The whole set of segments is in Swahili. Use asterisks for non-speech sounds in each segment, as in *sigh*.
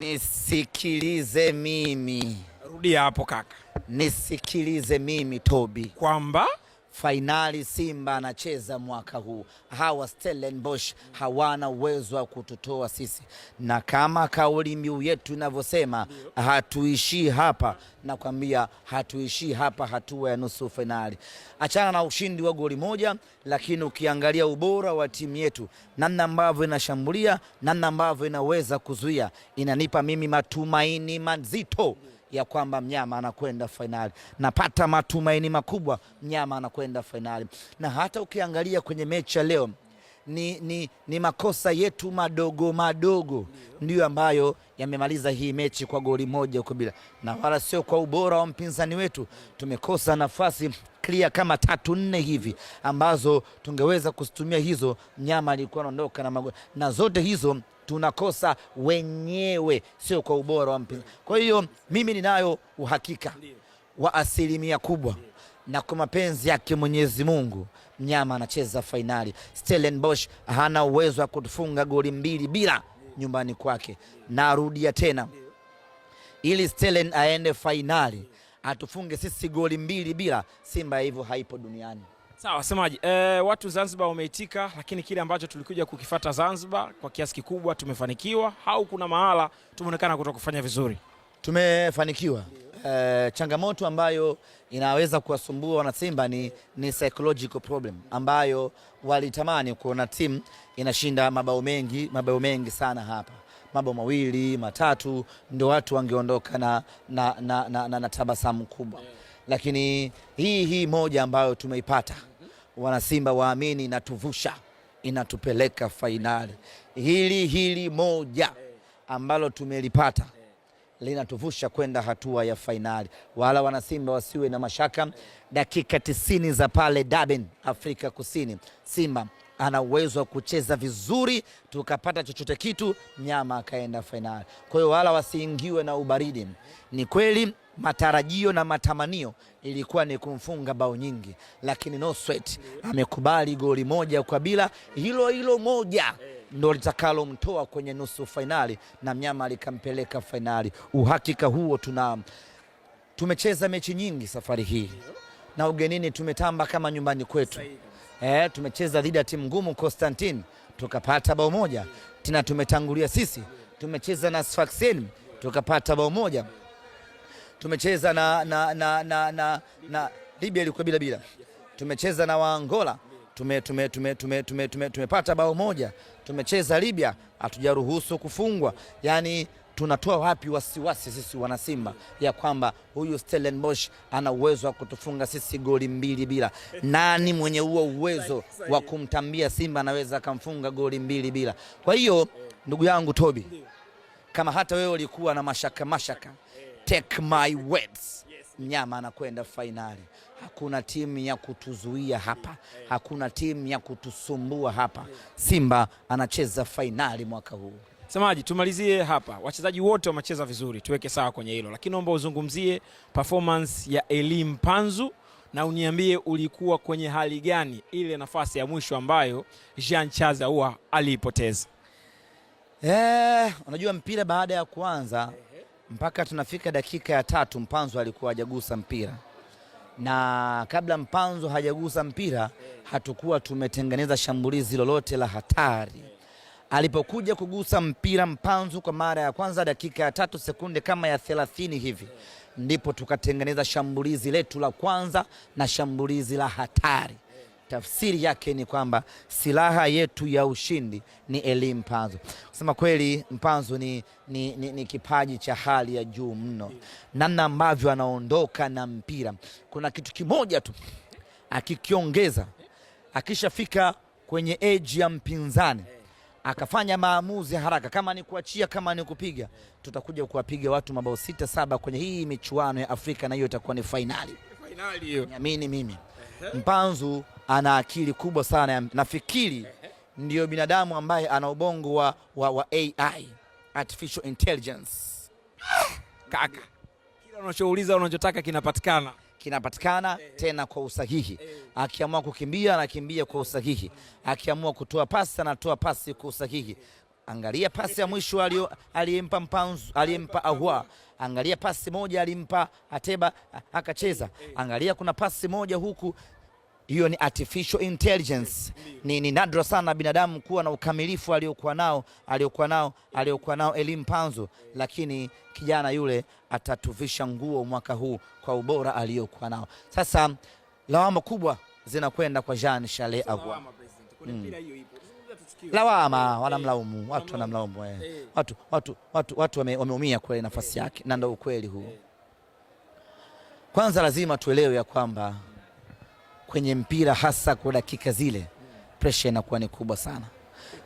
Nisikilize mimi. Rudia hapo kaka. Nisikilize mimi Tobi, kwamba Fainali Simba anacheza mwaka huu. Hawa Stellenbosch hawana uwezo wa kututoa sisi, na kama kauli mbiu yetu inavyosema, hatuishii hapa. Nakwambia hatuishii hapa, hatua ya nusu fainali. Achana na ushindi wa goli moja, lakini ukiangalia ubora wa timu yetu, namna ambavyo inashambulia, namna ambavyo inaweza kuzuia, inanipa mimi matumaini mazito ya kwamba mnyama anakwenda fainali. Napata matumaini makubwa, mnyama anakwenda fainali. Na hata ukiangalia kwenye mechi ya leo ni, ni, ni makosa yetu madogo madogo ndiyo ambayo yamemaliza hii mechi kwa goli moja huko bila, na wala sio kwa ubora wa mpinzani wetu. Tumekosa nafasi clear kama tatu nne hivi ambazo tungeweza kuzitumia hizo, mnyama alikuwa anaondoka na magoli na zote hizo tunakosa wenyewe, sio kwa ubora wa mpinzani. Kwa hiyo mimi ninayo uhakika wa asilimia kubwa na kwa mapenzi yake Mwenyezi Mungu mnyama anacheza fainali. Stellenbosch hana uwezo wa kutufunga goli mbili bila nyumbani kwake. Narudia tena, ili Stellen aende fainali atufunge sisi goli mbili bila, Simba hivyo haipo duniani. Sawa semaji e, eh, watu Zanzibar wameitika, lakini kile ambacho tulikuja kukifata Zanzibar kwa kiasi kikubwa tumefanikiwa, au kuna mahala tumeonekana kuto kufanya vizuri? Tumefanikiwa. E, changamoto ambayo inaweza kuwasumbua wanasimba ni, ni psychological problem ambayo walitamani kuona timu inashinda mabao mengi, mabao mengi sana hapa mabao mawili matatu, ndio watu wangeondoka na, na, na, na, na, na tabasamu kubwa, lakini hii hii moja ambayo tumeipata Wanasimba waamini, inatuvusha inatupeleka fainali. Hili hili moja ambalo tumelipata linatuvusha kwenda hatua ya fainali. Wala wanasimba wasiwe na mashaka, dakika tisini za pale Durban, Afrika Kusini, Simba ana uwezo wa kucheza vizuri, tukapata chochote kitu, mnyama akaenda fainali. Kwa hiyo wala wasiingiwe na ubaridi. Ni kweli matarajio na matamanio ilikuwa ni kumfunga bao nyingi, lakini no sweat, amekubali goli moja kwa bila, hilo hilo moja ndo litakalomtoa kwenye nusu fainali na mnyama likampeleka fainali. Uhakika huo tuna tumecheza mechi nyingi safari hii na ugenini tumetamba kama nyumbani kwetu. E, tumecheza dhidi ya timu ngumu Konstantin tukapata bao moja tena, tumetangulia sisi. Tumecheza na Sfaxien tukapata bao moja tumecheza na, na, na, na, na, na Libya ilikuwa bila bila, tumecheza na Waangola tumepata tume, tume, tume, tume, tume, tumepata bao moja. Tumecheza Libya hatujaruhusu kufungwa. Yani tunatoa wapi wasiwasi sisi wanasimba ya kwamba huyu Stellenbosch ana uwezo wa kutufunga sisi goli mbili bila? Nani mwenye huo uwezo wa kumtambia Simba anaweza akamfunga goli mbili bila? Kwa hiyo ndugu yangu Tobi, kama hata wewe ulikuwa na mashaka mashaka take my words. Mnyama anakwenda fainali. Hakuna timu ya kutuzuia hapa, hakuna timu ya kutusumbua hapa. Simba anacheza fainali mwaka huu. Semaji, tumalizie hapa. Wachezaji wote wamecheza vizuri, tuweke sawa kwenye hilo, lakini naomba uzungumzie performance ya Elim Panzu na uniambie ulikuwa kwenye hali gani ile nafasi ya mwisho ambayo Jean Chaza huwa aliipoteza. Eh, unajua mpira baada ya kuanza eh mpaka tunafika dakika ya tatu Mpanzo alikuwa hajagusa mpira, na kabla Mpanzo hajagusa mpira hatukuwa tumetengeneza shambulizi lolote la hatari. Alipokuja kugusa mpira Mpanzo kwa mara ya kwanza dakika ya tatu sekunde kama ya thelathini hivi, ndipo tukatengeneza shambulizi letu la kwanza na shambulizi la hatari. Tafsiri yake ni kwamba silaha yetu ya ushindi ni elimu Mpanzu. Kusema kweli, Mpanzu ni, ni, ni, ni kipaji cha hali ya juu mno, namna ambavyo anaondoka na mpira. Kuna kitu kimoja tu akikiongeza, akishafika kwenye eji ya mpinzani akafanya maamuzi haraka, kama ni kuachia, kama ni kupiga. Tutakuja kuwapiga watu mabao sita saba kwenye hii michuano ya Afrika, na hiyo itakuwa ni fainali. Fainali hiyo, niamini mimi. Mpanzu ana akili kubwa sana, nafikiri ndiyo binadamu ambaye ana ubongo wa, wa, wa AI artificial intelligence. Kaka, kila unachouliza unachotaka kinapatikana kinapatikana tena kwa usahihi. Akiamua kukimbia anakimbia kwa usahihi, akiamua kutoa pasi anatoa pasi kwa usahihi. Angalia pasi ya mwisho aliyempa Mpanzu, aliyempa Ahua. Angalia pasi moja alimpa Ateba akacheza. Angalia kuna pasi moja huku, hiyo ni artificial intelligence. Ni, ni nadra sana binadamu kuwa na ukamilifu aliokuwa nao aliokuwa nao aliokuwa nao elimu panzo, lakini kijana yule atatuvisha nguo mwaka huu kwa ubora aliokuwa nao. Sasa lawama kubwa zinakwenda kwa Jean Charles Ahua lawama, eh, wanamlaumu eh. watu, wanamlaumu eh. eh, watu, watu, watu, watu wameumia kweli nafasi yake, na ndio ukweli huu. Kwanza lazima tuelewe ya kwamba kwenye mpira hasa kwa dakika zile presha inakuwa ni kubwa sana.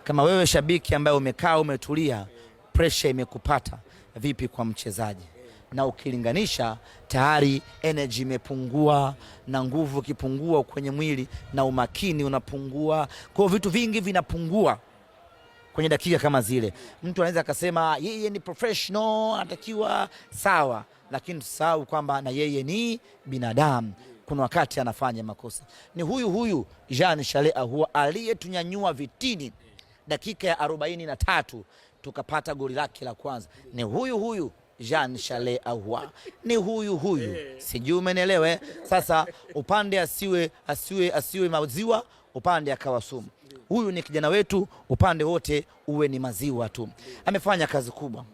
Kama wewe shabiki ambaye umekaa umetulia, presha imekupata vipi kwa mchezaji? na ukilinganisha tayari energy imepungua na nguvu ikipungua kwenye mwili na umakini unapungua. Kwa vitu vingi vinapungua kwenye dakika kama zile. Mtu anaweza akasema yeye ni professional, anatakiwa sawa, lakini tusahau kwamba na yeye ni binadamu. Kuna wakati anafanya makosa. Ni huyu huyu Jean Charles Ahoua aliyetunyanyua vitini dakika ya arobaini na tatu tukapata goli lake la kwanza. Ni huyu huyu Jean Shale Ahoua *laughs* ni huyu huyu, eh. sijui umenielewe. Eh? Sasa upande asiwe, asiwe, asiwe maziwa, upande akawa sumu. Huyu ni kijana wetu, upande wote uwe ni maziwa tu. Amefanya kazi kubwa,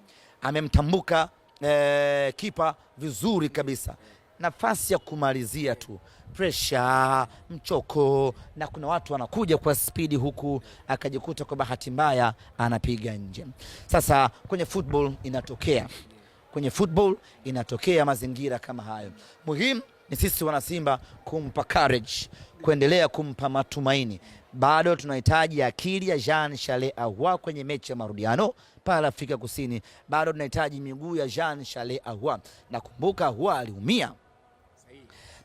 amemtambuka eh, kipa vizuri kabisa. Nafasi ya kumalizia tu, presha, mchoko, na kuna watu wanakuja kwa spidi huku, akajikuta kwa bahati mbaya anapiga nje. Sasa kwenye football inatokea kwenye football inatokea mazingira kama hayo. Muhimu ni sisi wanasimba kumpa courage, kuendelea kumpa matumaini. Bado tunahitaji akili ya Jean Charles Ahoua kwenye mechi ya marudiano pale Afrika Kusini. Bado tunahitaji miguu ya Jean Charles Ahoua. Nakumbuka Ahoua aliumia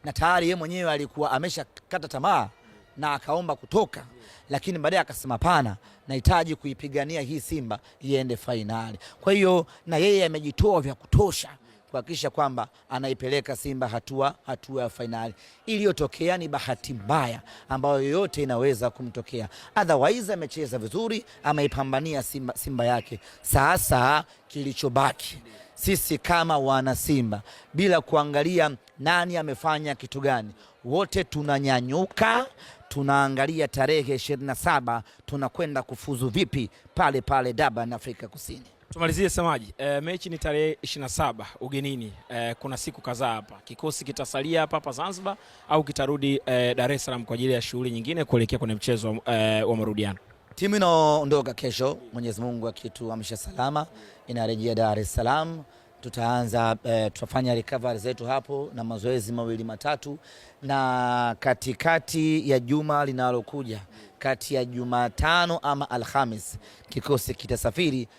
na tayari yeye mwenyewe alikuwa ameshakata tamaa na akaomba kutoka, lakini baadaye akasema pana, nahitaji kuipigania hii Simba iende fainali. Kwa hiyo na yeye amejitoa vya kutosha kuhakikisha kwamba anaipeleka Simba hatua hatua ya fainali. Iliyotokea ni bahati mbaya ambayo yoyote inaweza kumtokea, otherwise amecheza vizuri, ameipambania Simba, Simba yake. Sasa kilichobaki sisi kama wana Simba, bila kuangalia nani amefanya kitu gani, wote tunanyanyuka tunaangalia tarehe 27 tunakwenda kufuzu vipi pale pale Durban, Afrika Kusini. Tumalizie Samaji, e, eh, mechi ni tarehe 27 ugenini, e, kuna siku kadhaa hapa. Kikosi kitasalia hapa hapa Zanzibar au kitarudi e, Dar es Salaam kwa ajili ya shughuli nyingine kuelekea kwenye mchezo e, wa marudiano? Timu inaondoka kesho, Mwenyezi Mungu akituamsha salama, inarejea Dar es Salaam tutaanza e, tutafanya recovery zetu hapo na mazoezi mawili matatu, na katikati ya juma linalokuja, kati ya Jumatano ama Alhamis, kikosi kitasafiri